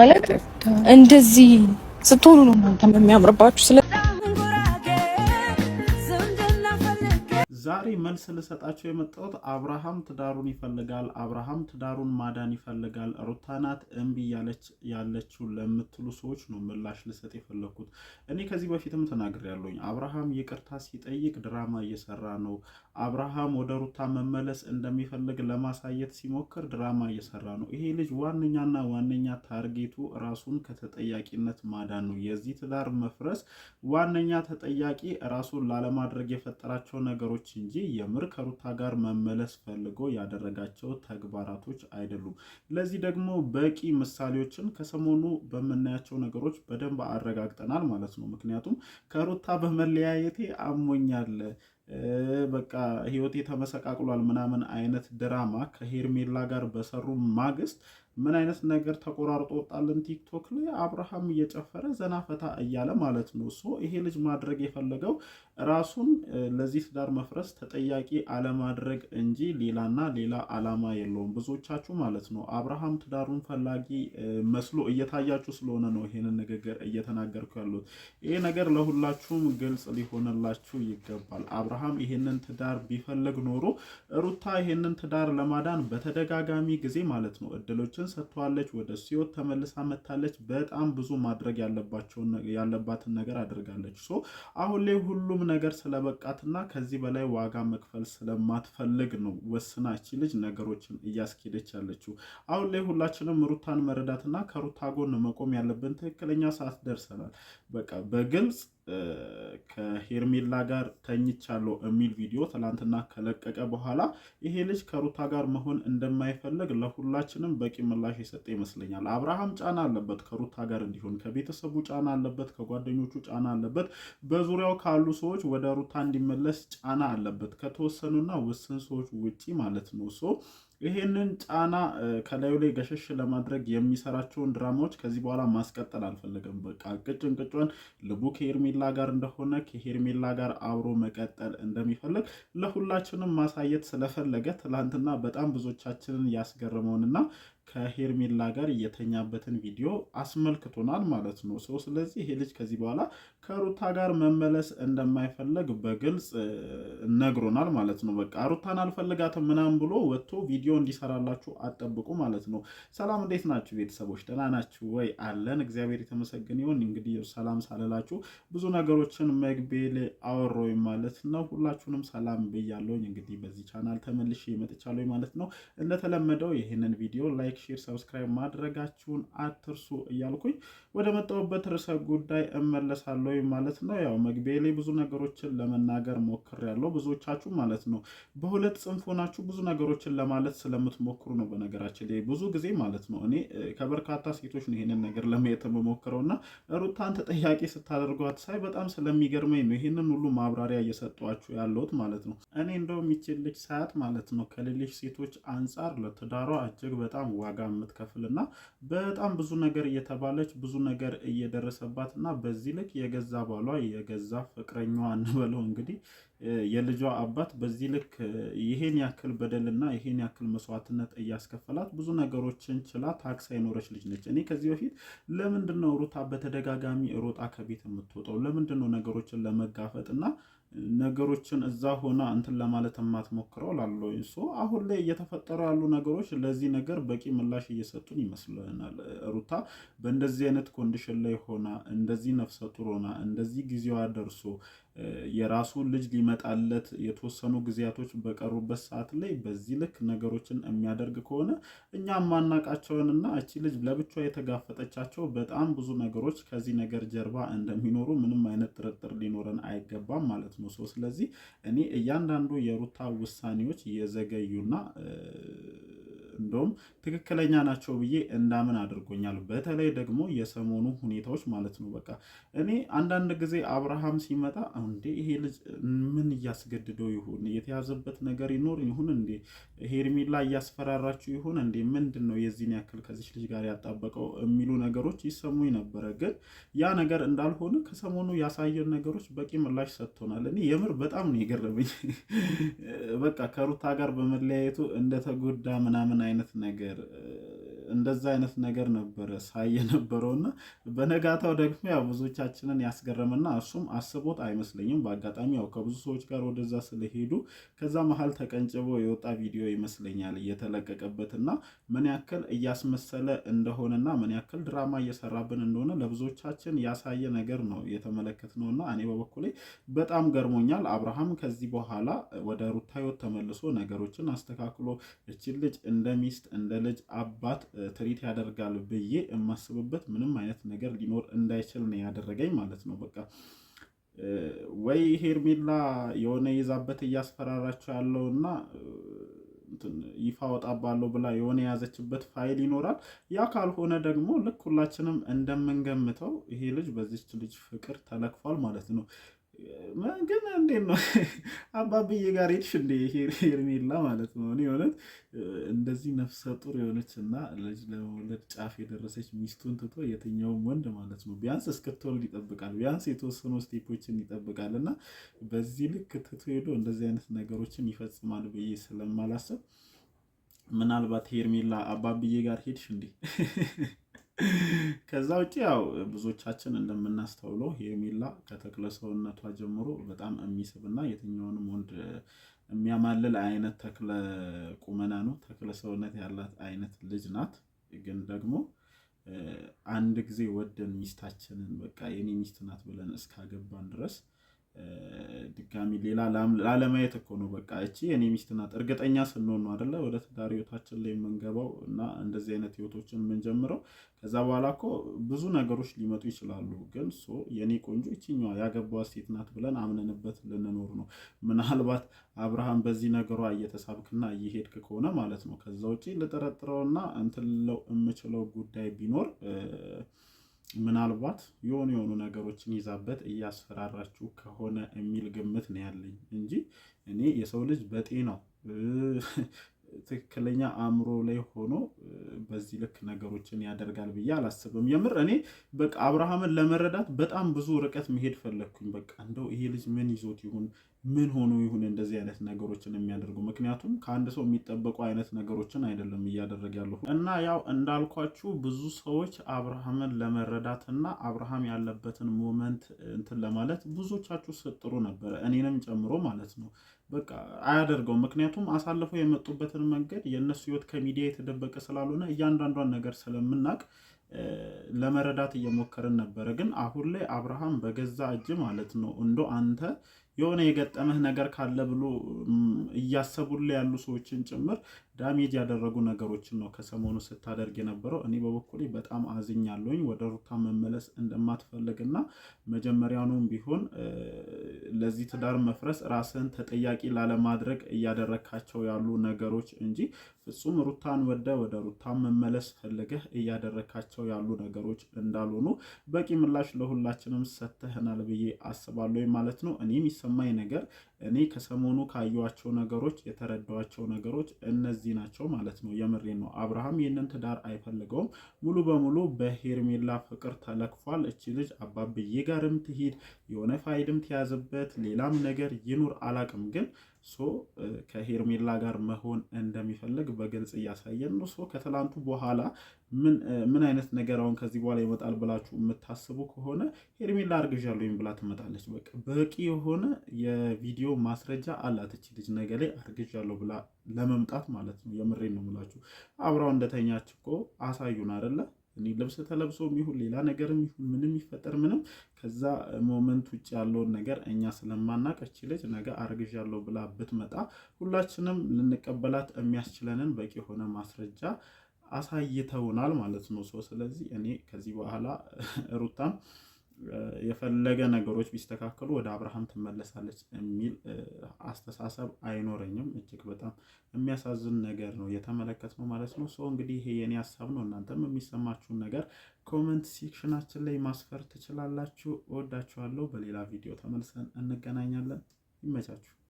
ማለት እንደዚህ ስትሆኑ ነው እናንተም የሚያምርባችሁ። መልስ ልሰጣቸው የመጣሁት አብርሃም ትዳሩን ይፈልጋል፣ አብርሃም ትዳሩን ማዳን ይፈልጋል፣ ሩታ ናት እምቢ እያለች ያለችው ለምትሉ ሰዎች ነው ምላሽ ልሰጥ የፈለግኩት። እኔ ከዚህ በፊትም ተናግሬያለሁኝ። አብርሃም ይቅርታ ሲጠይቅ ድራማ እየሰራ ነው። አብርሃም ወደ ሩታ መመለስ እንደሚፈልግ ለማሳየት ሲሞክር ድራማ እየሰራ ነው። ይሄ ልጅ ዋነኛና ዋነኛ ታርጌቱ ራሱን ከተጠያቂነት ማዳን ነው። የዚህ ትዳር መፍረስ ዋነኛ ተጠያቂ ራሱን ላለማድረግ የፈጠራቸው ነገሮች እንጂ ሲጀምር ከሩታ ጋር መመለስ ፈልጎ ያደረጋቸው ተግባራቶች አይደሉም። ለዚህ ደግሞ በቂ ምሳሌዎችን ከሰሞኑ በምናያቸው ነገሮች በደንብ አረጋግጠናል ማለት ነው። ምክንያቱም ከሩታ በመለያየቴ አሞኛል በቃ ህይወቴ ተመሰቃቅሏል ምናምን አይነት ድራማ ከሄርሜላ ጋር በሰሩ ማግስት ምን አይነት ነገር ተቆራርጦ ወጣልን ቲክቶክ ላይ አብርሃም እየጨፈረ ዘና ፈታ እያለ ማለት ነው። ሶ ይሄ ልጅ ማድረግ የፈለገው ራሱን ለዚህ ትዳር መፍረስ ተጠያቂ አለማድረግ እንጂ ሌላና ሌላ አላማ የለውም። ብዙዎቻችሁ ማለት ነው አብርሃም ትዳሩን ፈላጊ መስሎ እየታያችሁ ስለሆነ ነው ይሄንን ንግግር እየተናገርኩ ያሉት። ይሄ ነገር ለሁላችሁም ግልጽ ሊሆንላችሁ ይገባል። አብርሃም ይሄንን ትዳር ቢፈልግ ኖሮ ሩታ ይሄንን ትዳር ለማዳን በተደጋጋሚ ጊዜ ማለት ነው እድሎች መልሶችን ሰጥተዋለች። ወደ ሲዮት ተመልሳ መታለች። በጣም ብዙ ማድረግ ያለባትን ነገር አድርጋለች። ሶ አሁን ላይ ሁሉም ነገር ስለበቃትና ከዚህ በላይ ዋጋ መክፈል ስለማትፈልግ ነው ወስናች ልጅ ነገሮችን እያስኬደች ያለችው። አሁን ላይ ሁላችንም ሩታን መረዳትና ከሩታ ጎን መቆም ያለብን ትክክለኛ ሰዓት ደርሰናል። በቃ በግልጽ ከሄርሜላ ጋር ተኝቻለሁ የሚል ቪዲዮ ትላንትና ከለቀቀ በኋላ ይሄ ልጅ ከሩታ ጋር መሆን እንደማይፈልግ ለሁላችንም በቂ ምላሽ የሰጠ ይመስለኛል። አብርሃም ጫና አለበት ከሩታ ጋር እንዲሆን፣ ከቤተሰቡ ጫና አለበት፣ ከጓደኞቹ ጫና አለበት፣ በዙሪያው ካሉ ሰዎች ወደ ሩታ እንዲመለስ ጫና አለበት ከተወሰኑና ውስን ሰዎች ውጪ ማለት ነው። ይህንን ጫና ከላዩ ላይ ገሸሽ ለማድረግ የሚሰራቸውን ድራማዎች ከዚህ በኋላ ማስቀጠል አልፈለገም። በቃ ቅጭን ቅጭን ልቡ ከሄርሜላ ጋር እንደሆነ ከሄርሜላ ጋር አብሮ መቀጠል እንደሚፈልግ ለሁላችንም ማሳየት ስለፈለገ ትናንትና በጣም ብዙዎቻችንን ያስገረመውንና ከሄርሜላ ጋር እየተኛበትን ቪዲዮ አስመልክቶናል ማለት ነው ሰው። ስለዚህ ይሄ ልጅ ከዚህ በኋላ ከሩታ ጋር መመለስ እንደማይፈለግ በግልጽ ነግሮናል ማለት ነው። በቃ ሩታን አልፈልጋትም ምናምን ብሎ ወጥቶ ቪዲዮ እንዲሰራላችሁ አጠብቁ ማለት ነው። ሰላም፣ እንዴት ናችሁ ቤተሰቦች? ደህና ናችሁ ወይ? አለን እግዚአብሔር የተመሰገን ይሁን። እንግዲህ ሰላም ሳልላችሁ ብዙ ነገሮችን መግቤል አወሮኝ ማለት ነው። ሁላችሁንም ሰላም ብያለሁኝ። እንግዲህ በዚህ ቻናል ተመልሼ መጥቻለሁ ማለት ነው። እንደተለመደው ይህንን ቪዲዮ ላይ ላይክ፣ ሼር፣ ሰብስክራይብ ማድረጋችሁን አትርሱ እያልኩኝ ወደ መጣሁበት ርዕሰ ጉዳይ እመለሳለሁ ማለት ነው። ያው መግቢያ ላይ ብዙ ነገሮችን ለመናገር ሞክሬያለሁ። ብዙዎቻችሁ ማለት ነው በሁለት ጽንፍ ሆናችሁ ብዙ ነገሮችን ለማለት ስለምትሞክሩ ነው። በነገራችን ላይ ብዙ ጊዜ ማለት ነው እኔ ከበርካታ ሴቶች ነው ይሄንን ነገር ለማየት የምሞክረው እና ሩታን ተጠያቂ ስታደርጓት ሳይ በጣም ስለሚገርመኝ ነው ይሄንን ሁሉ ማብራሪያ እየሰጧችሁ ያለሁት ማለት ነው። እኔ እንደው የሚችል ሰዓት ማለት ነው ከሌሎች ሴቶች አንጻር ለትዳሯ እጅግ በጣም ዋጋ የምትከፍል እና በጣም ብዙ ነገር እየተባለች ብዙ ነገር እየደረሰባት እና በዚህ ልክ የገዛ ባሏ የገዛ ፍቅረኛዋ እንበለው እንግዲህ የልጇ አባት በዚህ ልክ ይሄን ያክል በደልና ይሄን ያክል መስዋዕትነት እያስከፈላት ብዙ ነገሮችን ችላ ታክስ አይኖረች ልጅ ነች። እኔ ከዚህ በፊት ለምንድነው ሩታ በተደጋጋሚ ሮጣ ከቤት የምትወጣው? ለምንድነው ነገሮችን ለመጋፈጥ እና ነገሮችን እዛ ሆና እንትን ለማለት የማትሞክረው ላሉ እሱ አሁን ላይ እየተፈጠሩ ያሉ ነገሮች ለዚህ ነገር በቂ ምላሽ እየሰጡን ይመስለናል። ሩታ በእንደዚህ አይነት ኮንዲሽን ላይ ሆና እንደዚህ ነፍሰ ጡር ሆና እንደዚህ ጊዜዋ ደርሶ የራሱ ልጅ ሊመጣለት የተወሰኑ ጊዜያቶች በቀሩበት ሰዓት ላይ በዚህ ልክ ነገሮችን የሚያደርግ ከሆነ እኛ ማናቃቸውንና እቺ ልጅ ለብቻ የተጋፈጠቻቸው በጣም ብዙ ነገሮች ከዚህ ነገር ጀርባ እንደሚኖሩ ምንም አይነት ጥርጥር ሊኖረን አይገባም ማለት ነው። ሰው ስለዚህ እኔ እያንዳንዱ የሩታ ውሳኔዎች የዘገዩና እንደውም ትክክለኛ ናቸው ብዬ እንዳምን አድርጎኛል። በተለይ ደግሞ የሰሞኑ ሁኔታዎች ማለት ነው። በቃ እኔ አንዳንድ ጊዜ አብርሃም ሲመጣ እንዴ ይሄ ልጅ ምን እያስገድደው ይሁን የተያዘበት ነገር ይኖር ይሁን እንዴ? ሄርሜላ እያስፈራራችው ይሆን እንዴ? ምንድን ነው የዚህን ያክል ከዚች ልጅ ጋር ያጣበቀው የሚሉ ነገሮች ይሰሙኝ ነበረ። ግን ያ ነገር እንዳልሆነ ከሰሞኑ ያሳየን ነገሮች በቂ ምላሽ ሰጥቶናል። እኔ የምር በጣም ነው የገረመኝ። በቃ ከሩታ ጋር በመለያየቱ እንደተጎዳ ምናምን አይነት ነገር እንደዛ አይነት ነገር ነበረ ሳይ የነበረው እና በነጋታው ደግሞ ያው ብዙዎቻችንን ያስገረመና እሱም አስቦት አይመስለኝም። በአጋጣሚ ያው ከብዙ ሰዎች ጋር ወደዛ ስለሄዱ ከዛ መሀል ተቀንጭቦ የወጣ ቪዲዮ ይመስለኛል እየተለቀቀበት እና ምን ያክል እያስመሰለ እንደሆነና ምን ያክል ድራማ እየሰራብን እንደሆነ ለብዙዎቻችን ያሳየ ነገር ነው የተመለከት እና እኔ በበኩሌ በጣም ገርሞኛል። አብርሃም ከዚህ በኋላ ወደ ሩታ ህይወት ተመልሶ ነገሮችን አስተካክሎ እችን ልጅ እንደ ሚስት እንደ ልጅ አባት ትሪት ያደርጋል ብዬ የማስብበት ምንም አይነት ነገር ሊኖር እንዳይችል ነው ያደረገኝ ማለት ነው። በቃ ወይ ሄርሜላ የሆነ ይዛበት እያስፈራራቸው ያለውና ይፋ ወጣባለሁ ብላ የሆነ የያዘችበት ፋይል ይኖራል። ያ ካልሆነ ደግሞ ልክ ሁላችንም እንደምንገምተው ይሄ ልጅ በዚች ልጅ ፍቅር ተለክፏል ማለት ነው። ግን እንዴት ነው አባብዬ ጋር ሄድሽ እንደ ሄርሜላ ማለት ነው። እኔ የሆነት እንደዚህ ነፍሰ ጡር የሆነች እና ልጅ ለመውለድ ጫፍ የደረሰች ሚስቱን ትቶ የትኛውም ወንድ ማለት ነው ቢያንስ እስክትወልድ ይጠብቃል፣ ቢያንስ የተወሰኑ ስቴፖችን ይጠብቃል። እና በዚህ ልክ ትቶ ሄዶ እንደዚህ አይነት ነገሮችን ይፈጽማል ብዬ ስለማላሰብ ምናልባት ሄርሜላ አባብዬ ጋር ሄድሽ እንዴ ከዛ ውጭ ያው ብዙዎቻችን እንደምናስተውለው ሄርሜላ ከተክለ ሰውነቷ ጀምሮ በጣም የሚስብና የትኛውንም ወንድ የሚያማልል አይነት ተክለ ቁመና ነው፣ ተክለ ሰውነት ያላት አይነት ልጅ ናት። ግን ደግሞ አንድ ጊዜ ወደን ሚስታችንን በቃ የኔ ሚስት ናት ብለን እስካገባን ድረስ ድጋሚ ሌላ ላለማየት እኮ ነው። በቃ እቺ የኔ ሚስት ናት እርግጠኛ ስንሆን ነው አደለ ወደ ትዳር ህይወታችን ላይ የምንገባው እና እንደዚህ አይነት ህይወቶችን የምንጀምረው። ከዛ በኋላ እኮ ብዙ ነገሮች ሊመጡ ይችላሉ። ግን ሶ የኔ ቆንጆ እቺኛዋ ያገባ ሴት ናት ብለን አምነንበት ልንኖር ነው። ምናልባት አብርሃም በዚህ ነገሯ እየተሳብክና እየሄድክ ከሆነ ማለት ነው። ከዛ ውጪ ልጠረጥረውና እንትን ልለው የምችለው ጉዳይ ቢኖር ምናልባት የሆኑ የሆኑ ነገሮችን ይዛበት እያስፈራራችሁ ከሆነ የሚል ግምት ነው ያለኝ እንጂ እኔ የሰው ልጅ በጤናው ትክክለኛ አእምሮ ላይ ሆኖ በዚህ ልክ ነገሮችን ያደርጋል ብዬ አላስብም። የምር እኔ በቃ አብርሃምን ለመረዳት በጣም ብዙ ርቀት መሄድ ፈለግኩኝ። በቃ እንደው ይሄ ልጅ ምን ይዞት ይሁን ምን ሆኖ ይሁን እንደዚህ አይነት ነገሮችን የሚያደርጉ ምክንያቱም ከአንድ ሰው የሚጠበቁ አይነት ነገሮችን አይደለም እያደረግ ያለሁ እና ያው እንዳልኳችሁ ብዙ ሰዎች አብርሃምን ለመረዳትና አብርሃም ያለበትን ሞመንት እንትን ለማለት ብዙዎቻችሁ ስጥሩ ነበረ፣ እኔንም ጨምሮ ማለት ነው። በቃ አያደርገውም። ምክንያቱም አሳልፈው የመጡበትን መንገድ የእነሱ ህይወት ከሚዲያ የተደበቀ ስላልሆነ እያንዳንዷን ነገር ስለምናቅ ለመረዳት እየሞከርን ነበረ። ግን አሁን ላይ አብርሃም በገዛ እጅ ማለት ነው እንዶ አንተ የሆነ የገጠመህ ነገር ካለ ብሎ እያሰቡልህ ያሉ ሰዎችን ጭምር ዳሜጅ ያደረጉ ነገሮችን ነው ከሰሞኑ ስታደርግ የነበረው። እኔ በበኩሌ በጣም አዝኛለሁኝ። ወደ ሩታ መመለስ እንደማትፈልግና መጀመሪያውኑም ቢሆን ለዚህ ትዳር መፍረስ ራስን ተጠያቂ ላለማድረግ እያደረካቸው ያሉ ነገሮች እንጂ ፍጹም ሩታን ወደ ወደ ሩታ መመለስ ፈልገህ እያደረካቸው ያሉ ነገሮች እንዳልሆኑ በቂ ምላሽ ለሁላችንም ሰጥተህናል ብዬ አስባለሁ ማለት ነው። እኔ የሚሰማኝ ነገር እኔ ከሰሞኑ ካዩቸው ነገሮች የተረዳቸው ነገሮች እነዚህ ናቸው ማለት ነው። የምሬ ነው። አብርሃም ይህንን ትዳር አይፈልገውም። ሙሉ በሙሉ በሄርሜላ ፍቅር ተለክፏል። እቺ ልጅ አባብዬ ጋርም ትሂድ የሆነ ፋይድም ትያዝበት ሌላም ነገር ይኑር አላቅም፣ ግን ሶ ከሄርሜላ ጋር መሆን እንደሚፈልግ በግልጽ እያሳየን ነው። ሶ ከትላንቱ በኋላ ምን አይነት ነገር አሁን ከዚህ በኋላ ይመጣል ብላችሁ የምታስቡ ከሆነ ሄርሜላ አርግዣለሁኝ ብላ ትመጣለች። በቃ በቂ የሆነ የቪዲዮ ማስረጃ አላት ልጅ ነገ ላይ አርግዣለሁ ብላ ለመምጣት ማለት ነው። የምሬን ነው የምላችሁ። አብራው እንደተኛች እኮ አሳዩን አደለ? እኔ ልብስ ተለብሶ ይሁን ሌላ ነገር ይሁን ምንም ይፈጠር ምንም ከዛ ሞመንት ውጭ ያለውን ነገር እኛ ስለማናቅ እቺ ልጅ ነገ አርግዣለሁ ብላ ብትመጣ ሁላችንም ልንቀበላት የሚያስችለንን በቂ የሆነ ማስረጃ አሳይተውናል ማለት ነው። ሰው ስለዚህ እኔ ከዚህ በኋላ ሩታም የፈለገ ነገሮች ቢስተካከሉ ወደ አብርሃም ትመለሳለች የሚል አስተሳሰብ አይኖረኝም። እጅግ በጣም የሚያሳዝን ነገር ነው ነው ማለት ነው። ሰው እንግዲህ ይሄ የኔ ሀሳብ ነው። እናንተም የሚሰማችሁን ነገር ኮመንት ሴክሽናችን ላይ ማስፈር ትችላላችሁ። እወዳችኋለሁ። በሌላ ቪዲዮ ተመልሰን እንገናኛለን። ይመቻችሁ።